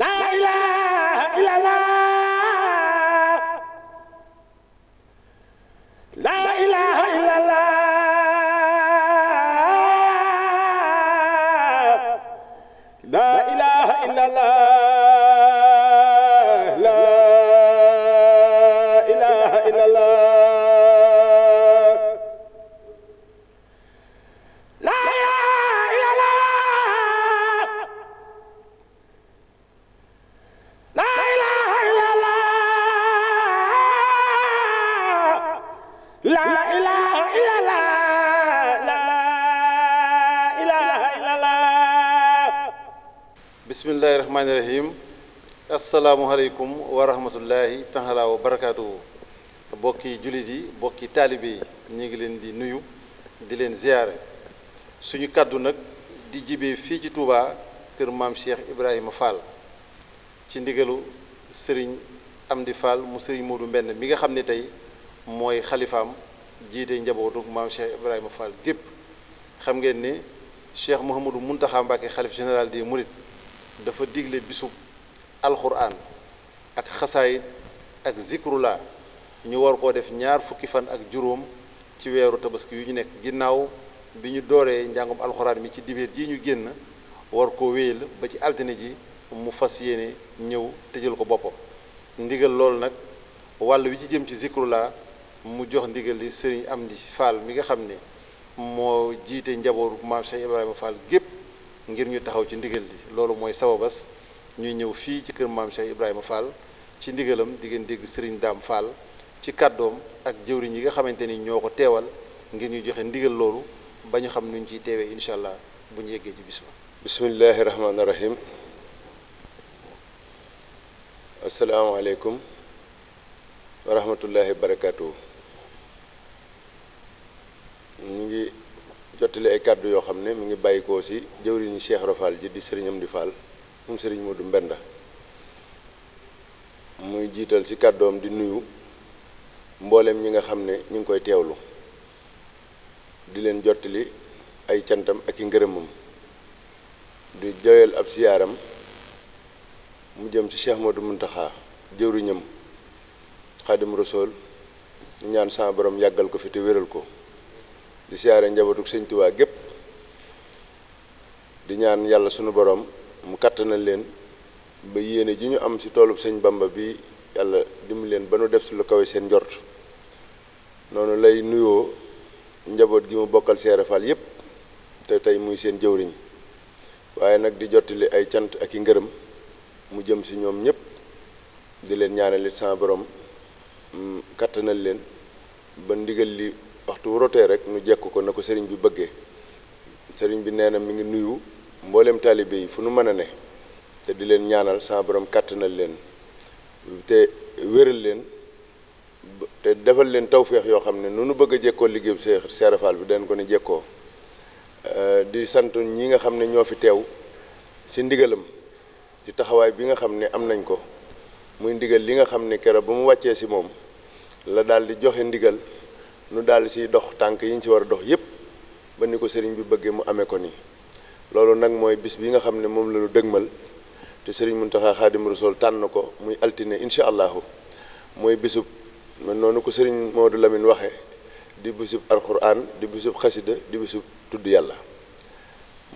laa ilaaha bismillaahi rahmaani rahim asalaamualeykum wa rahmatullahi taala wa barakaatuhu bokki jullit yi bokki taalibe yi ñu ngi leen di nuyu di leen ziyaare suñu kàddu nag di jibee fii ci Touba kër maam Cheikh Ibrahima Fall ci ndigalu sëriñ am Amdi Fall mu sëriñ Moodu Mbenn mi nga xam ni tey mooy xalifaam jiite njabootu maam Cheikh Ibrahima Fall gépp xam ngeen ne Cheikh Mouhamadou Mountakha Mbacké xalif général des Mourides dafa digle bisub alxuraan ak xasaayit ak zikrulaa ñu war koo def ñaar fukki fan ak juróom ci weeru tabaski yu ñu nekk ginnaaw bi ñu dooree njàngum alxuraan mi ci dibeer ji ñu génn war koo wéyal ba ci altine ji mu fas yéene ñëw tëjal ko boppam ndigal loolu nag wàll wi ci jëm ci zikrulaa mu jox ndigal li sëriñ Amdi Fall mi nga xam ne moo jiite njabooru maam Cheikh Ibrahima Fall gépp ngir ñu taxaw ci ndigal li loolu mooy sababas ñuy ñëw fii ci kër maam Cheikh Ibrahima Fall ci ndigalam di dégg Serigne Dame Fall ci kàddoom ak jëwriñ yi nga xamante ni ñoo ko teewal ngir ñu joxe ndigal loolu ba ñu xam nuñ ciy teewee incha allah bu ñu yeggee ci bis ba. bismillahi rahmaani rahim asalaamaaleykum wa rahmatullahi barakaatu ñu ngi. jottali ay kàddu yoo xam ne mi ngi bàyyikoo si jëwriñu Cheikh Rafal ji di Serigne Amdi Fall moom Serigne Modou Mbenda muy jiital ci kàddoom di nuyu mbooleem ñi nga xam ne ñu ngi koy teewlu di leen jottali ay cantam ak i ngërëmam di joyal ab siyaaram mu jëm ci Cheikh Modou Muntaxa jëwriñam Xaadim Rasuul ñaan sa borom yàggal ko fi te wéral ko di siyaare njabootug sëñ Tuubaa gépp di ñaan yàlla sunu boroom mu na leen ba yéene ji ñu am si toolub sëñ Bamba bi yàlla dimbali leen ba nu def si lu kawe seen njort noonu lay nuyoo njaboot gi mu bokkal seere Faal yépp te tey muy seen jëwriñ waaye nag di jottali ay cant ak i ngërëm mu jëm si ñoom ñëpp di leen ñaanal li sama borom mm, kattanal leen ba ndigal li waxtu wu rotee rek nu jekk ko na ko sëriñ bi bëggee sëriñ bi nee na mi ngi nuyu mbooleem taalibe yi fu nu mën a ne te di leen ñaanal sama borom na leen te wéral leen te defal leen tawféex yoo xam ne nu nu bëgg a jekkoo liggéey bi Seera Faal bi dañ ko ne jekkoo di sant ñi nga xam ne ñoo fi teew si ndigalam ci taxawaay bi nga xam ne am nañ ko muy ndigal li nga xam ne kere ba mu wàccee si moom la daal di joxe ndigal nu daal si dox tànk yi ñu ci war a dox yépp ba ni ko sëriñ bi bëggee mu amee ko nii loolu nag mooy bis bi nga xam ne moom la ñu dëgmal te sëriñ Muntaxa Xaadim Rasuul tànn ko muy altine incha allahu mooy bisub man noonu ko sëriñ Modou Lamine waxe di bisub alquran di bisub xasida di bisub tudd yàlla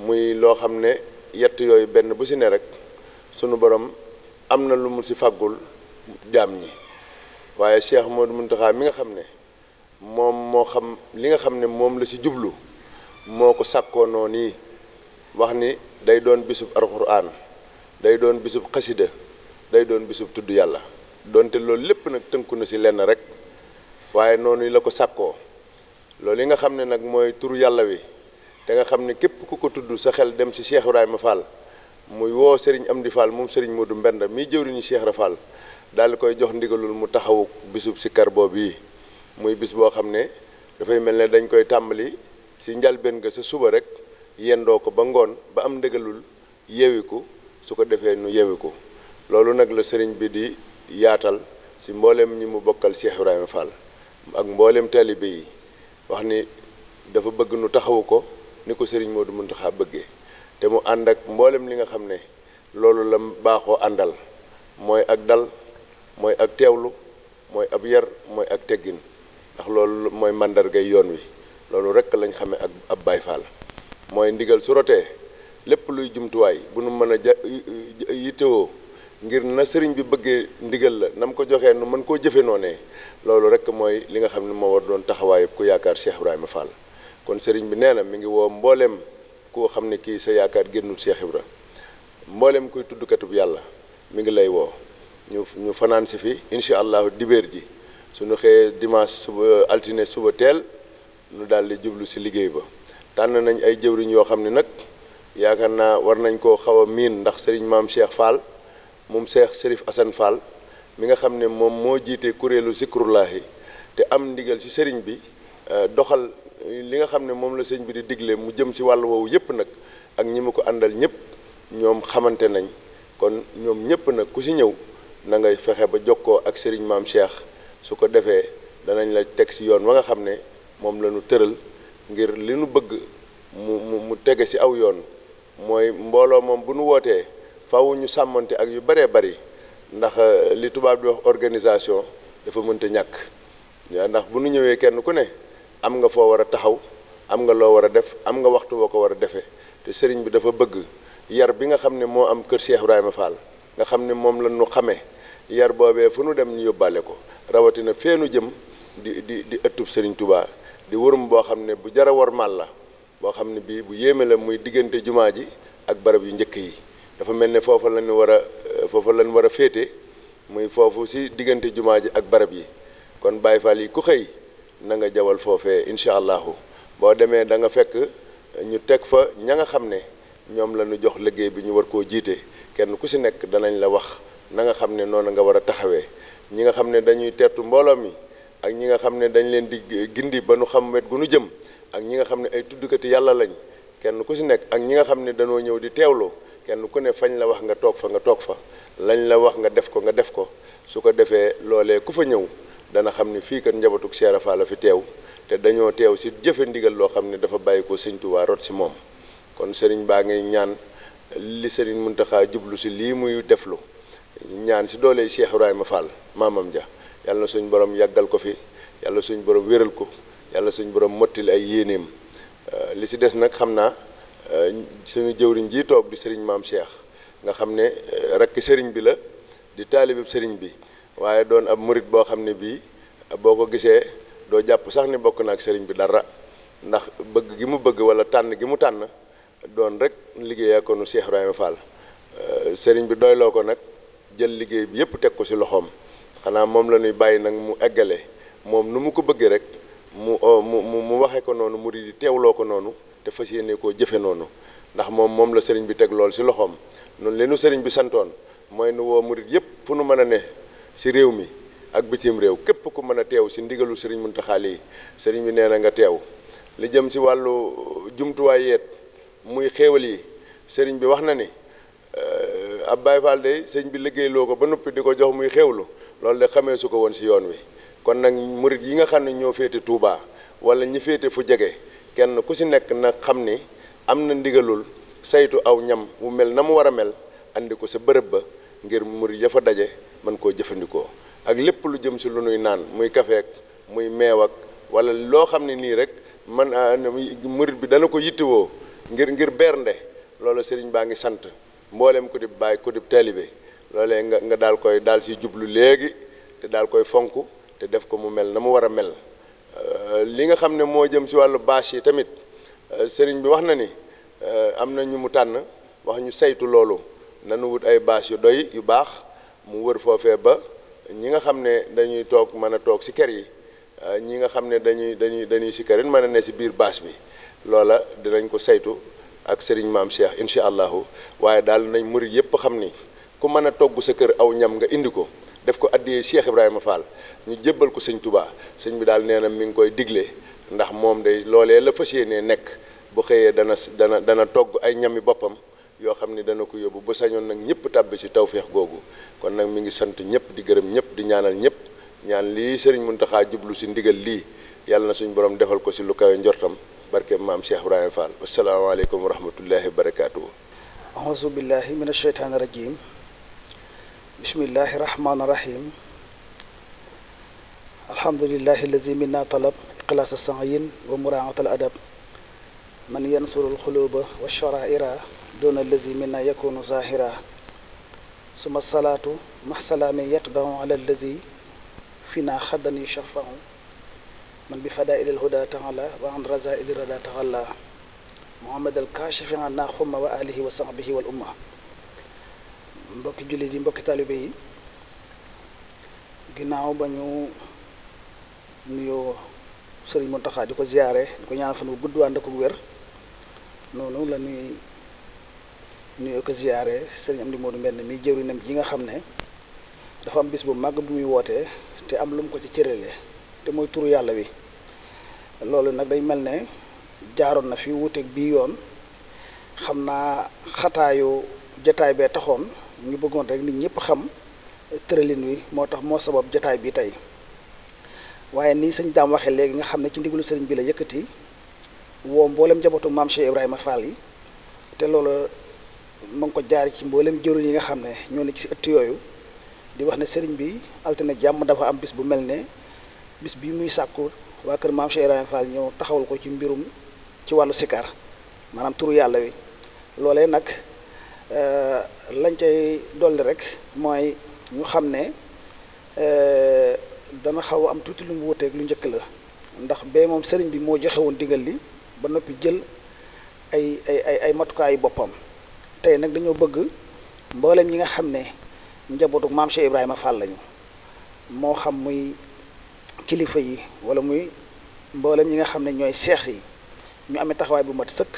muy loo xam ne yett yooyu benn bu si ne rek sunu borom am na lu mu si fàggul jaam ñi waaye Cheikh Modou Muntaxa mi nga xam ne moom moo xam li nga xam ne moom la si jublu moo ko sàkkoo noonu yi wax ni day doon bisub alxuraan day doon bisub xasida day doon bisub tudd yàlla donte loolu lépp nag tënku na si lenn rek waaye noonu la ko sàkkoo loolu yi nga xam ne nag mooy tur yàlla wi te nga xam ne képp ku ko tudd sa xel dem si Cheikh Ibrahima Fall muy woo sëriñ Serigne Amdi Fall moom Serigne Modou Mbenda mii jëwriñu Cheikh Ibra Fall daal di koy jox ndigalul mu taxawu bisub si boobu bii muy bis boo xam ne dafay mel ne dañ koy tàmbali si njalbeen ga sa suba rek yendoo ko ba ngoon ba am ndégalul yewiku su ko defee nu yewiku loolu nag la sëriñ bi di yaatal si mbooleem ñi mu bokkal Cheikh Ibrahima ak mbooleem taalibe yi wax ni dafa bëgg nu taxawu ko ni ko sëriñ Modou Mountakha bëggee te mu ànd ak mboolem li nga xam ne loolu la baaxoo àndal mooy ak dal mooy ak teewlu mooy ab yar mooy ak teggin ndax loolu mooy màndargay yoon wi loolu rek lañ xamee ak ab Baay Faal mooy ndigal su rotee lépp luy jumtuwaay bu nu mën a ja yittewoo ngir na sëriñ bi bëggee ndigal la na mu ko joxee nu mën koo jëfe noonee loolu rek mooy li nga xam ne moo war doon taxawaay ku yaakaar Cheikh ma Fall kon sëriñ bi nee na mi ngi woo mbooleem koo xam ne kii sa yaakaar génnul Cheikh Ibra mbooleem kuy tuddkatub yàlla mi ngi lay woo ñu ñu fanaan si fi incha allah dibeer ji suñu xëyee dimanche suba altine suba teel ñu daal di jublu si liggéey ba tànn nañ ay jëwriñ yoo xam ne nag yaakaar naa war nañ koo xaw a miin ndax sëriñ maam Cheikh Fall moom Cheikh Serif Assane Fall mi nga xam ne moom moo jiite kuréelu yi te am ndigal si sëriñ bi euh, doxal li nga xam ne moom la sëriñ bi di digle mu jëm si wàll woowu yëpp nag ak ñi mu ko àndal ñëpp ñoom xamante nañ kon ñoom ñëpp nag ku si ñëw na ngay fexe ba jokkoo ak sëriñ maam Cheikh. su ko defee danañ la teg si yoon wa nga xam ne moom la ñu tëral ngir li nu bëgg mu mu tege si aw yoon mooy mbooloo moom bu nu wootee faw ñu sàmmante ak yu baree bari ndax euh, li tubaab di wax organisation dafa mënta ñàkk ndax bu nu ñëwee kenn ku ne am nga foo war a taxaw am nga loo war a def am nga waxtu woo ko war a defee te sëriñ bi dafa bëgg yar bi nga xam ne moo am kër Cheikh Ibrahima Fall nga xam ne moom la ñu xamee yar boobee fu nu dem ñu yóbbaale ko rawatina feenu jëm di di di ëttub Serigne Touba di wërum boo xam ne bu jara war mal la boo xam ne bii bu yéeme la muy diggante jumaa ji ak barab yu njëkk yi dafa mel ne foofa lañu war a foofa lañu war a féete muy foofu si diggante jumaa ji ak barab yi kon Baye Fall yi ku xëy na nga jawal foofee incha allahu boo demee da nga fekk ñu teg fa ña nga xam ne ñoom la jox liggéey bi ñu war koo jiite kenn ku si nekk danañ la wax na nga xam ne noonu nga war a taxawee ñi nga xam ne dañuy tertu mbooloo mi ak ñi nga xam ne dañ leen di gindi ba nu xam wet gu nu jëm ak ñi nga xam ne ay tuddukati yàlla lañ kenn ku si nekk ak ñi nga xam ne dañoo ñëw di teewloo kenn ku ne fañ la wax nga toog fa nga toog fa lañ la wax nga def ko nga def ko su ko defee loolee ku fa ñëw dana xam ne fii kat njabatug Cheikh Fall la fi teew te dañoo teew si jëfe ndigal loo xam ne dafa bàyyi ko sëñ Tuubaa si moom kon sëriñ baa ngi ñaan li sëriñ Muntaxa jublu si lii muy deflu ñaan si doole Cheikh Ibrahima Fall maamam ja yàlla na suñ borom yàggal ko fi yàlla suñ borom wéral ko yàlla suñ borom mottali ay yéeneem euh, li si des nag xam naa euh, suñu jëwriñ ji toog di sëriñ maam Cheikh nga xam ne euh, rakk sëriñ bi la di taalibe sëriñ bi waaye doon ab murit boo xam ne bii boo ko gisee doo jàpp sax ni bokk na ak sëriñ bi dara ndax bëgg gi mu bëgg wala tànn gi mu tànn doon rek liggéeyee ko nu Cheikh Ibrahima Fall sëriñ bi doyloo ko nag. jël liggéey bi yëpp teg ko ci loxoom xanaa moom la ñuy bàyyi nag mu eggale moom nu mu ko bëggee rek mu oh, mu mu waxee ko noonu mu di teewloo ko noonu te fas yéene koo jëfe noonu ndax moom moom la sëriñ bi teg lool ci loxoom noonu leenu sëriñ bi santoon mooy nu woo murit yëpp fu nu mën a ne si réew mi ak bitim réew képp ku mën a teew si ndigalu sëriñ Muntaxa lii sëriñ bi nee na nga teew li jëm si wàllu jumtuwaay yeet muy xéewal yi sëriñ bi wax na ni ab Baye Fall day sëñ bi liggéeyloo ko ba noppi di ko jox muy xewlu loolu de xamee su ko woon si yoon wi kon nag murit yi nga xam ne ñoo féete Touba wala ñu féete fu jege kenn ku si nekk nag xam ni am na ndigalul saytu aw ñam wu mel na mu war a mel indi ko sa bërëb ba ngir murit ya fa daje mën koo jëfandikoo ak lépp lu jëm si lu nuy naan muy kafeek muy meew ak wala loo xam ne nii rek man ah, murit bi dana ko yittewoo ngir ngir bernde loolu sëriñ baa ngi sant mboolem ku di bàyyi ku di taalibe loolee nga nga daal koy daal si jublu léegi te daal koy fonk te def ko mu mel na mu war a mel euh, li nga xam ne moo jëm si wàllu bâche yi tamit euh, sëriñ bi wax na ni euh, am na ñu mu tànn wax ñu saytu loolu nanu wut ay bâche yu doy yu baax mu wër foofee ba ñi nga xam ne dañuy toog mën a toog si kër yi ñi nga xam ne dañuy dañuy dañuy si kër mën a ne si biir bâche bi loola dinañ ko saytu ak Serigne maam Cheikh incha allahu waaye daal nañ murit yëpp xam ni ku mën a togg sa kër aw ñam nga indi ko def ko addiyee Cheikh Ibrahima Fall ñu jébbal ko sëñ Touba sëñ bi daal nee na mi ngi koy digle ndax moom day loolee la fas yéenee nekk bu xëyee dana dana dana togg ay ñami boppam. yoo xam ni dana ko yóbbu ba sañoon nag ñëpp tàbbi ci tawféex googu kon nag mi ngi sant ñëpp di gërëm ñëpp di ñaanal ñëpp ñaan lii Serigne Mountakha jublu si ndigal lii yàlla suñu borom defal ko ci lu kawe njortam barke maam Cheikh Ibrahima Fall asalaamaaleykum wa rahmatullahi wa barakaatu. auzu billahi min asheytaani rajim bismillahi rahmaani rahim alhamdulillahi allazi minna talab iqlaas saayin wa muraat al adab man yansuru alxuluba wa sharaira doon allazi minna yakunu zahira suma salaatu max salaami yatbahu ala allazi fina xadan yushafau من بفدائل الهدى تعالى وعن رزائل الردى تعالى محمد الكاشف عنا خم وآله وصحبه والأمة mbokki jullit yi mbokki taalibe yi ginnaaw ba ñu nuyoo Sëriñ Mountakha di ko ziyaare di ko ñaan fan wu gudd ànd ko wér noonu la ñuy nuyoo ko ziyaare Sëriñ Amdi Moodu Mbenn mi jëwriñam ji nga xam ne dafa am bis bu mag bu muy wootee te am lu mu ko ci cëralee te mooy turu yàlla wi loolu nag day mel ne jaaroon na fi wuuteeg bii yoon xam naa xataayu jataay bee taxoon ñu bëggoon rek nit ñëpp xam tëralin wi moo tax moo sabab jataay bii tey waaye nii sëñ daam waxee léegi nga xam ne ci ndigalu sëriñ bi la yëkkati woo mboolem jabatu maam Cheikh Ibrahima Fall yi te loolu ma ko jaar ci mbooleem jëruñ yi nga xam ne ñoo ne ci ëtt yooyu di wax ne sëriñ bi altine jàmm dafa am bis bu mel ne bis bi muy sàkku waa kër maam Cheikh Ibrahima Fall ñëw taxawul ko ci mbirum ci wàllu sikar maanaam turu yàlla wi loolee nag euh, lañ cay dolli rek mooy ñu xam ne euh, dana xaw am tuuti lu mu wuteeg lu njëkk la ndax bee moom sëriñ bi moo joxe woon li ba noppi jël ay ay ay matukaayu boppam tey nag dañoo bëgg mboolem ñi nga xam ne njabootu maam Cheikh Ibrahima Fall lañu moo xam muy. kilifa yi wala muy mboolem ñi nga xam ne ñooy seex yi ñu amee taxawaay bu mat sëkk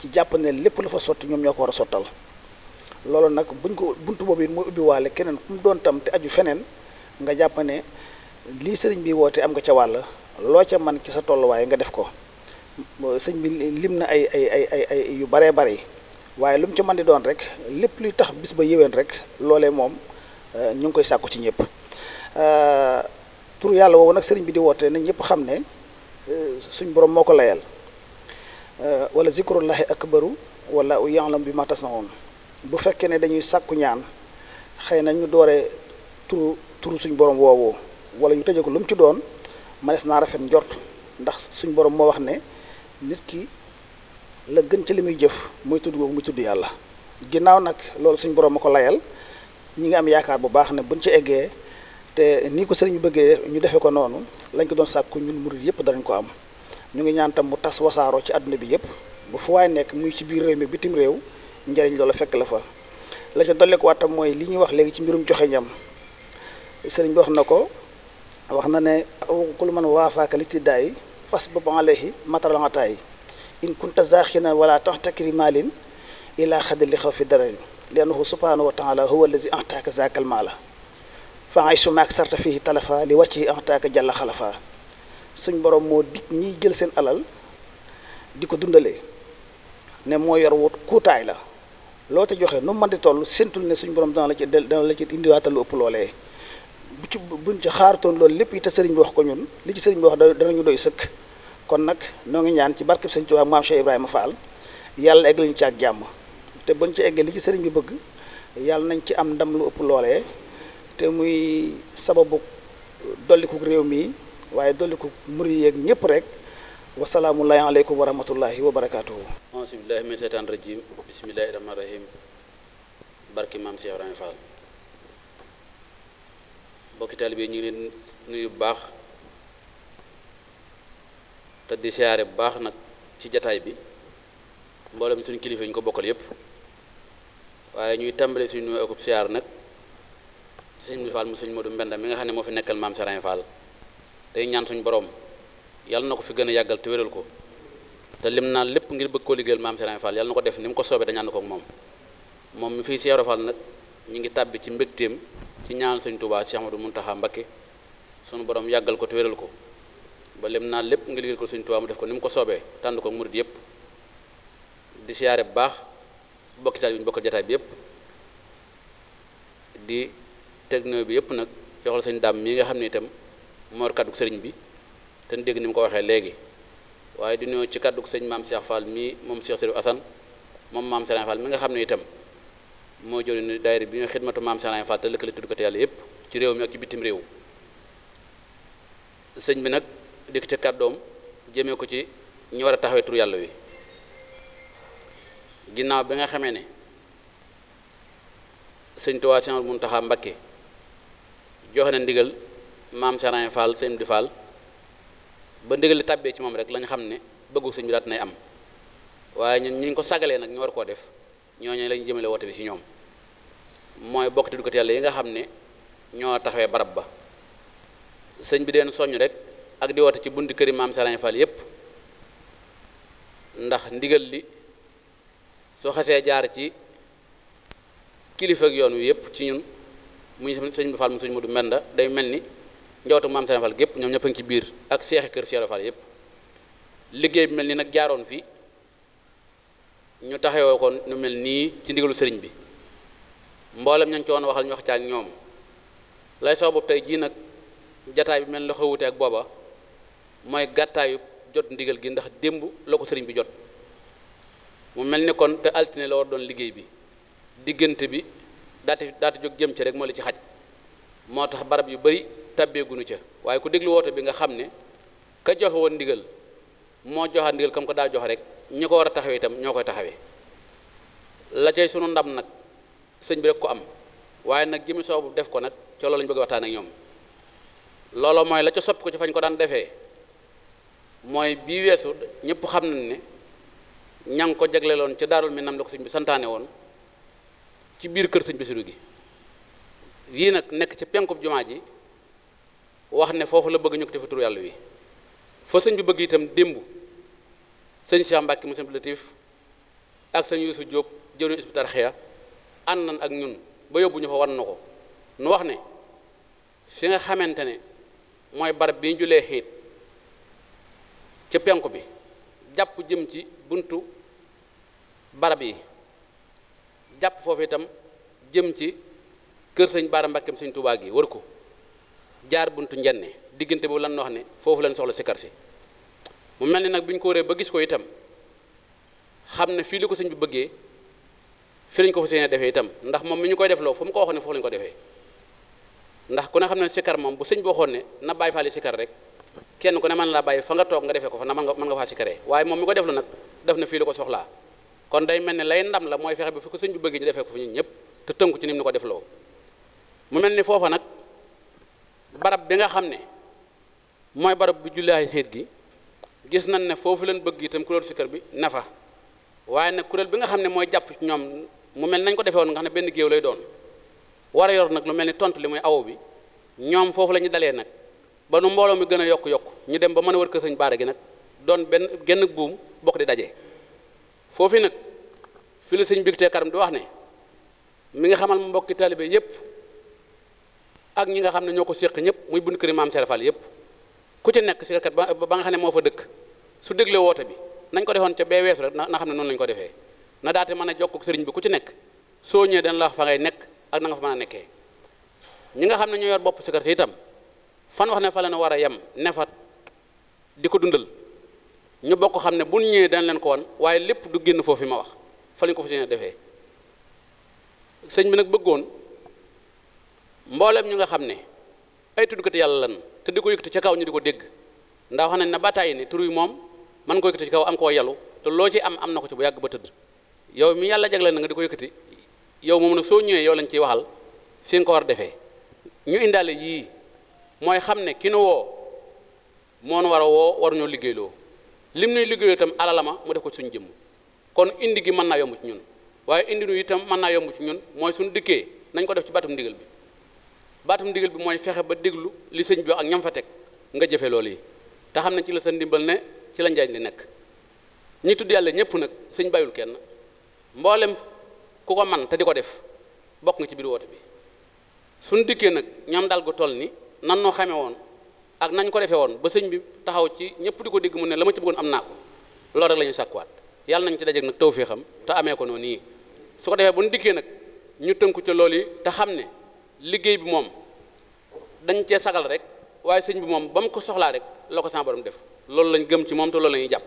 ci jàpp ne lépp lu fa sotti ñoom ñoo ko war a sottal loolu nag buñ ko buntu boobu it mooy ubbiwaale keneen ku doon tam te aju feneen nga jàpp ne lii sëriñ bi wootee am nga ca wàll loo ca man ci sa tolluwaay nga def ko sëñ bi lim na ay ay ay ay ay yu baree bare waaye lum ca ci mën di doon rek lépp luy tax bis ba yéwén rek loole moom euh, ñu ngi koy sàkku ci ñépp euh, tur yàlla woowu nag sëriñ bi di woote nañ ñëpp xam ne euh, suñ borom moo ko layal euh, wala ak bëru wala u ya'lam bi ma woon bu fekkee ne dañuy sàkku ñaan xëy na ñu dooree turu turu suñ borom woowoo wala ñu tëjee ko lu ci doon manees naa rafet njort ndax suñ borom moo wax ne nit ki la gën ci li muy jëf muy tudd googu muy tudd yàlla ginnaaw nag loolu suñ borom ma ko layal ñi ngi am yaakaar bu baax ne buñ ci eggee te nii ko sëriñ bëggee ñu defe ko noonu lañ ko doon sàkku ñun murid yëpp danañ ko am ñu ngi ñaan tam mu tas wasaaroo ci àdduna bi yëpp bu fu waay nekk muy ci biir réew mi bitim réew njariñ loola fekk la fa la ca dollekuwaat tam mooy li ñuy wax léegi ci mbirum joxe ñam bi wax na ko wax na ne kul man waafaaka li ti daay fas bopp alayhi mataralataay in kunta zaaxina wala tax takri maalin ila xadali xaw fi darari li annahu subhanahu wa taala huwa allazi ataaka zaakal fa ay su maak sarta fii talafa li wàcc yi entaaka jàll xalafa suñ borom moo dig ñiy jël seen alal di ko dundale ne moo yor wut kuutaay la loo ca joxe nu mën di toll séntul ne suñ borom dana la ci del dana la ci indiwaatal lu ëpp loolee bu ci buñ ci xaaratoon loolu lépp yi te sëriñ bi wax ko ñun li ci sëriñ bi wax danañu doy sëkk kon nag noo ngi ñaan ci barkeb sëñ Tuubaa maam Cheikh Ibrahima Fall yàlla egg lañu ci ak jàmm te buñ ci eggee li ci sëriñ bëgg yàlla nañ ci am ndam ëpp loolee te muy sababu dolliku réew mi waaye dolliku muri yeeg ñëpp rek wasalaamullahi aleykum wa rahmatullahi wa barakaatuhu auzu billahi min seytaan rajim bismillahi ñu ngi leen baax te di bu baax nag ci jataay bi mboolem suñu kilifa ñu ko bokkal yépp waaye ñuy tàmbale suñu nuyu akub siyaar nag sëñ Modou Fall mu sëñ Modou Mbenda mi nga xam ne moo fi nekkal maam Serigne Fall day ñaan suñ borom yàlla na ko fi gën a yàggal te wéral ko te lim naa lépp ngir bëgg koo liggéeyal maam Serigne Fall yàlla na ko def ni mu ko soobee te ñaan ko ak moom moom mi fiy Serigne Fall nag ñu ngi tàbbi ci mbégteem ci ñaan suñ Touba Cheikh Amadou Mountakha Mbacké sunu borom yàggal ko te wéral ko ba lim naa lépp ngir liggéeyal ko suñ Touba mu def ko ni mu ko soobee tànd ko ak murid yëpp di siyaare bu baax bokki taal bi ñu bokkal jataay bi yëpp di techno bi yëpp nag joxal sëñ dam mii nga xam ne itam moor kàddu sëriñ bi te dégg ni mu ko waxee léegi waaye di ñëw ci kàddu sëñ maam Cheikh Fall mii moom Cheikh Sëriñ moom maam Serigne mi nga xam ne itam moo jëriñ ni daayira bi ñu xidmatu maam Serigne Fall te lëkkale ko te yàlla yëpp ci réew mi ci bitim réew sëñ bi nag dikk ci kàddoom jëmee ko ci ñu war a taxawee tur yàlla wi ginnaaw bi nga xamee ne sëñ Tuubaa Séex Muntaxa Mbakke joxe na ndigal maam Serigne Fall seen di Fall ba ndigal li tàbbee ci moom rek lañ xam ne bëggu sëñ bi daat nay am waaye ñun ñu ko sagalee nag ñu war koo def ñoo ñooñu lañ jëmale woto bi ci ñoom mooy bokk tudd ko yàlla yi nga xam ne ñoo taxawee barab ba sëñ bi deen soññ rek ak di woote ci buntu këri maam Serigne Fall yépp ndax ndigal li soo xasee jaar ci kilifa yoon wi yépp ci ñun muy sëñ bi Fall mu sëñ Modou Mbenda day mel ni njawtu maam Sëriñ Fall gépp ñoom ñëpp a ci biir ak seexi kër Cheikh Fall yëpp liggéey bi mel ni nag jaaroon fi ñu taxewoo kon ñu mel nii ci ndigalu sëriñ bi mboolem ñañ ci woon waxal ñu wax ca ak ñoom lay sababu tey jii nag jataay bi mel ni la xewute ak booba mooy gàttaayu jot ndigal gi ndax démb la ko sëriñ bi jot mu mel ni kon te altine la war doon liggéey bi diggante bi daati daati jóg jëm ci rek moo la ci xaj moo tax barab yu bari tàbbeegunu ca waaye ku déglu wooto bi nga xam ne ka joxe woon ndigal moo joxaat ndigal kam ko daa jox rek ñi ko war a taxawee itam ñoo koy taxawee la sunu ndam nag sëñ ko am waaye nag jëmi bu def ko nag ca loolu lañu bëgg waxtaan ak ñoom looloo mooy la ca soppi ko ci fañ ko daan defee mooy bii weesu ñëpp xam nañ ne ña ngi ko jagleeloon ca daarul mi nam la ko sëñ bi santaane woon ci biir kër sëñ Bassirou gi yii nag nekk ci penkub jumaa ji wax ne foofu la bëgg ñu ko defe turu yàlla wi fa sëñ bi bëgg itam démb sëñ si Mbacke mu sëñ ak sëñ Youssou Diop jëru ispitar xeya ànd ak ñun ba yóbbu ñu fa wan ko nu wax ne fi nga xamante ne mooy barab bi ñu julee xiit ci penku bi jàpp jëm ci buntu barab yi jàpp foofu itam jëm ci kër sëñ Baara Mbàkkeem sañ Tuubaa gi wër ko jaar buntu njenne diggante boobu lan wax ne foofu lañ soxla sikar si mu mel ni nag bu ñu ko ba gis ko itam xam ne fii li ko sëñ bi bëggee fi lañ ko fa seen defee ñu koy def loo fu mu ko waxoon ne foofu lañ ko defee ndax ku na bàyyi faale sikar rek kenn ku ne mën laa bàyyi fa ko fa na mën nga mën nga faa sikaree waaye moom mi ko def lu nag def na fii la ko soxla kon day mel ne lay ndam la mooy fexe bi fi ko sëñ bi bëggee ñu defee ko fi ñun ñëpp te tënku ci nim ni ko def loo mu mel ni foofa nag barab bi nga xam ne mooy barab bu jullaay xeet gi gis nañ ne foofu leen bëgg itam kuréel si kër bi na fa waaye nag kuréel bi nga xam ne mooy jàpp ci ñoom mu mel nañ ko defee nga xam ne benn géew lay doon war a yor nag lu mel ni tontu li muy awo bi ñoom foofu la ñu dalee nag ba nu mbooloo mi gën a yokk yokk ñu dem ba mën a wër kër sëñ baara gi nag doon benn genn buum bokk di daje foofu nag fi la sëñ bigtee karam di wax ne mi nga xamal mbokki taalibe yépp ak ñi nga xam ne ñoo ko séq ñëpp muy bunt këri maam Serigne fal yépp ku ci nekk sikarkat ba nga xam ne moo fa dëkk su dégle woote bi nañ ko defoon ca bee weesu rek na xam ne noonu lañ ko defee na daate mën a jokk sëriñ bi ku ci nekk soo ñëwee dañ la wax fa ngay nekk ak na nga fa mën a nekkee ñi nga xam ne ñoo yor bopp sécurité itam fan wax ne fa leen war a yem nefat di ko dundal ñu bokk xam ne bu ñëwee dañ leen ko won waaye lépp du génn foofu ma wax fa lañ ko fa si defee sëñ bi nag bëggoon mboolem ñu nga xam ne ay tuddkati yàlla lan te di ko yëkkati ca kaw ñu di ko dégg ndax xam nañ na ba tàyyi ni tur yi moom mën ko yëkkati ci kaw am koo yalu te loo ci am am na ko ci bu yàgg ba tëdd yow mi yàlla jagleel na nga di ko yëkkati yow moom nag soo ñëwee yow lañ ciy waxal fi nga ko war defee ñu indaale yii mooy xam ne ki nu woo moon war a woo waruñoo liggéeyloo lim nuy liggéeyloo tam alalama mu def ko suñ jëm kon indi gi mën naa yomb ci ñun waaye indi nu itam mën naa yomb ci ñun mooy suñu dikkee nañ ko def ci baatum ndigal bi baatum ndigal bi mooy fexe ba déglu li sëñ bi ak ñam fa teg nga jëfe loolu yi te xam ne ci la sa ndimbal ne ci la njaañ li nekk ñi tudd yàlla ñëpp nag sëñ bàyyul kenn mboolem ku ko man te di ko def bokk nga ci biir woote bi suñ dikkee nag ñoom dal gu toll ni nan noo xamee woon ak nañ ko defee woon ba sëñ bi taxaw ci ñëpp di ko dégg mu ne la ma ci bëggoon am naa loolu rek la yàlla nañ ci dajeeg nag tawféexam te amee ko noonu nii su ko defee bu nu dikkee nag ñu tënku ca loolu yi te xam ne liggéey bi moom dañ cee sagal rek waaye sëñ bi moom ba mu ko soxlaa rek la ko sama borom def loolu lañ gëm ci moom te loolu la jàpp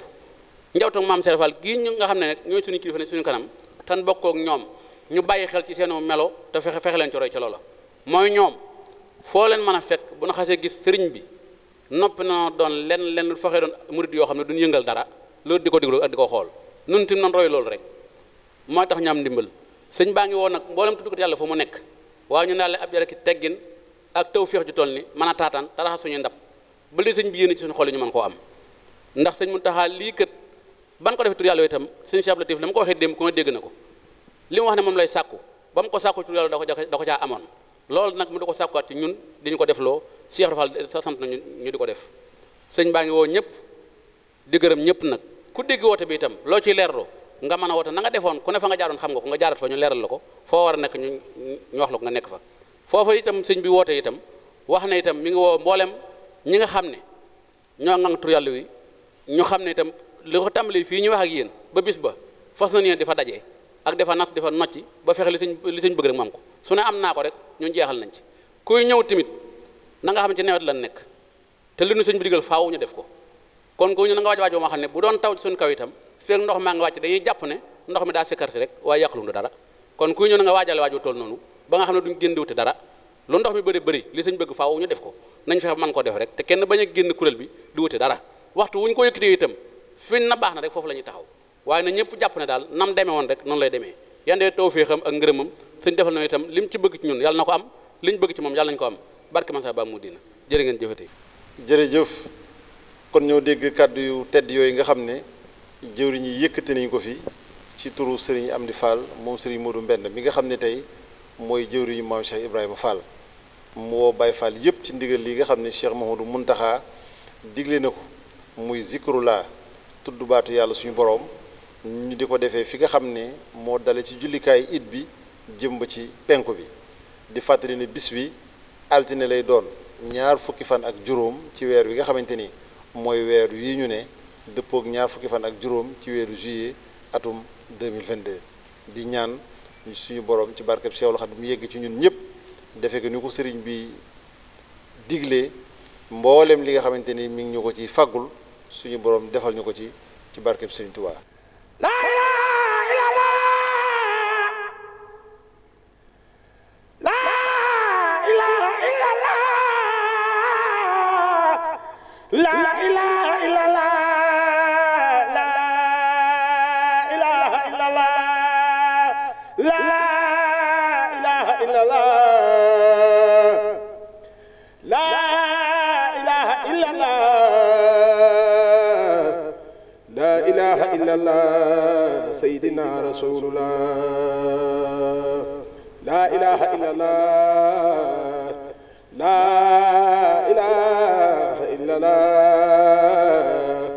njawtoog maam serafal gii ñu nga xam ne nag ñooy suñu kilifa ne suñu kanam tan bokkook ñoom ñu bàyyi xel ci seenu melo te fexe fexe leen ci roy ca loola mooy ñoom foo leen mën a fekk bu na xasee gis sëriñ bi noppi na doon lenn lenn lu faxee doon murid yoo xam ne duñ yëngal dara loolu di ko déglu ak di ko xool nun tim nan roy loolu rek moo tax ñu am ndimbal sëñ baa ngi woo nag mboolem tudd ko yàlla foo mu nekk waaye ñu daal ab yar ki teggin ak taw féex ju toll ni mën a taataan taraxa suñu ndab ba li sëñ bi yéene ci suñu xol yi ñu mën koo am ndax sëñ Muntaxa lii kat ban ko defee tur yàlla itam sëñ Cheikh Latif la mu ko waxee démb ko dégg na ko li mu wax ne moom lay sàkku ba mu ko sàkku tur yàlla da ko da ko caa amoon loolu nag mu da ko sàkkuwaat ñun di ko def loo Cheikh Rafal sant nañu ñu di ko def sëñ baa ngi woo ñëpp di gërëm ñëpp nag ku dégg woote bi itam loo ciy leerlu nga mën a woote nanga defoon ku ne fa nga jaaroon xam nga ko nga jaarat fa ñu leeral la ko foo war a nekk ñu ñu wax la ko nga nekk fa foofa itam sëñ bi woote itam wax na itam mi ngi woo mboolem ñi nga xam ne ñoo ngang tur yàlla wi ñu xam ne itam li ko fii ñu wax ak yéen ba bis ba fas na yéen di fa ak dafa nas dafa nocci ba fexe sëñ sëñ bëgg rek mu am su ne am naa ko rek ñun jeexal nañ ci kuy ñëw timit na nga xam ne ci nawet nekk te lu nu sëñ bi digal faaw ñu def ko kon ko ñu na nga waaj ma xam ne bu doon taw ci suñ kaw itam feek ndox maa nga wàcc dañuy jàpp ne ndox mi daa sikkar si rek waaye yàqulum dara kon kuy ñu na nga waajale waaju toll noonu ba nga xam ne duñ génn wuti bëri bëri li sëñ bëgg ñu def ko nañ fexe koo def rek te kenn bañ a bi di wuti dara waxtu wuñ ko yëkkatee itam fin na baax na rek foofu la ñuy taxaw waaye na ñëpp jàpp ne daal nam deme woon rek noonu lay demee yandee tawféexam ak ngërëmam sëñ defal na itam lim ci bëgg ci ñun yàlla na ko am liñ bëgg ci moom yàlla nañu ko am barke man sa ba mu diina jërë ngeen jëfati jërëjëf kon ñoo dégg kàddu yu tedd yooyu nga xam ne jëwriñ yi yëkkati nañu ko fi ci turu am di Fall moom Serigne Modou mbenn mi nga xam ne tey mooy jëwriñu maam Cheikh Ibrahima Fall moo woo Baye Fall yëpp ci ndigal li nga xam ne Cheikh Mahamadou Muntaxa digle na ko muy zikrullah tudd baatu yàlla suñu boroom ñu di ko defee fi nga xam ne moo dale ci jullikaay it bi jëmb ci penku bi di fàttali ne bis bi altine lay doon ñaar fukki fan ak juróom ci weer wi nga xamante ni mooy weer yi ñu ne dëppook ñaar fukki fan ak juróom ci weeru juillet atum 2022 di ñaan suñu borom ci barkeb Seexul mu yegg ci ñun ñëpp defe ko ni ko sëriñ bi digle mboolem li nga xamante ni mi ngi ñu ko ci fàggul suñu borom defal ñu ko ci ci barkeb sëriñ Tuubaa la ilaha illallah la ilaha illallah la ilaha illallah la ilaha illallah la ilaha illallah sayyidina rasulullah la ilaha illallah la illallah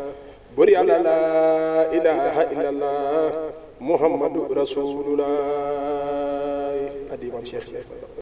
bur yàlla la ilaha illallah muhammadu rasulullah addi maam cheikh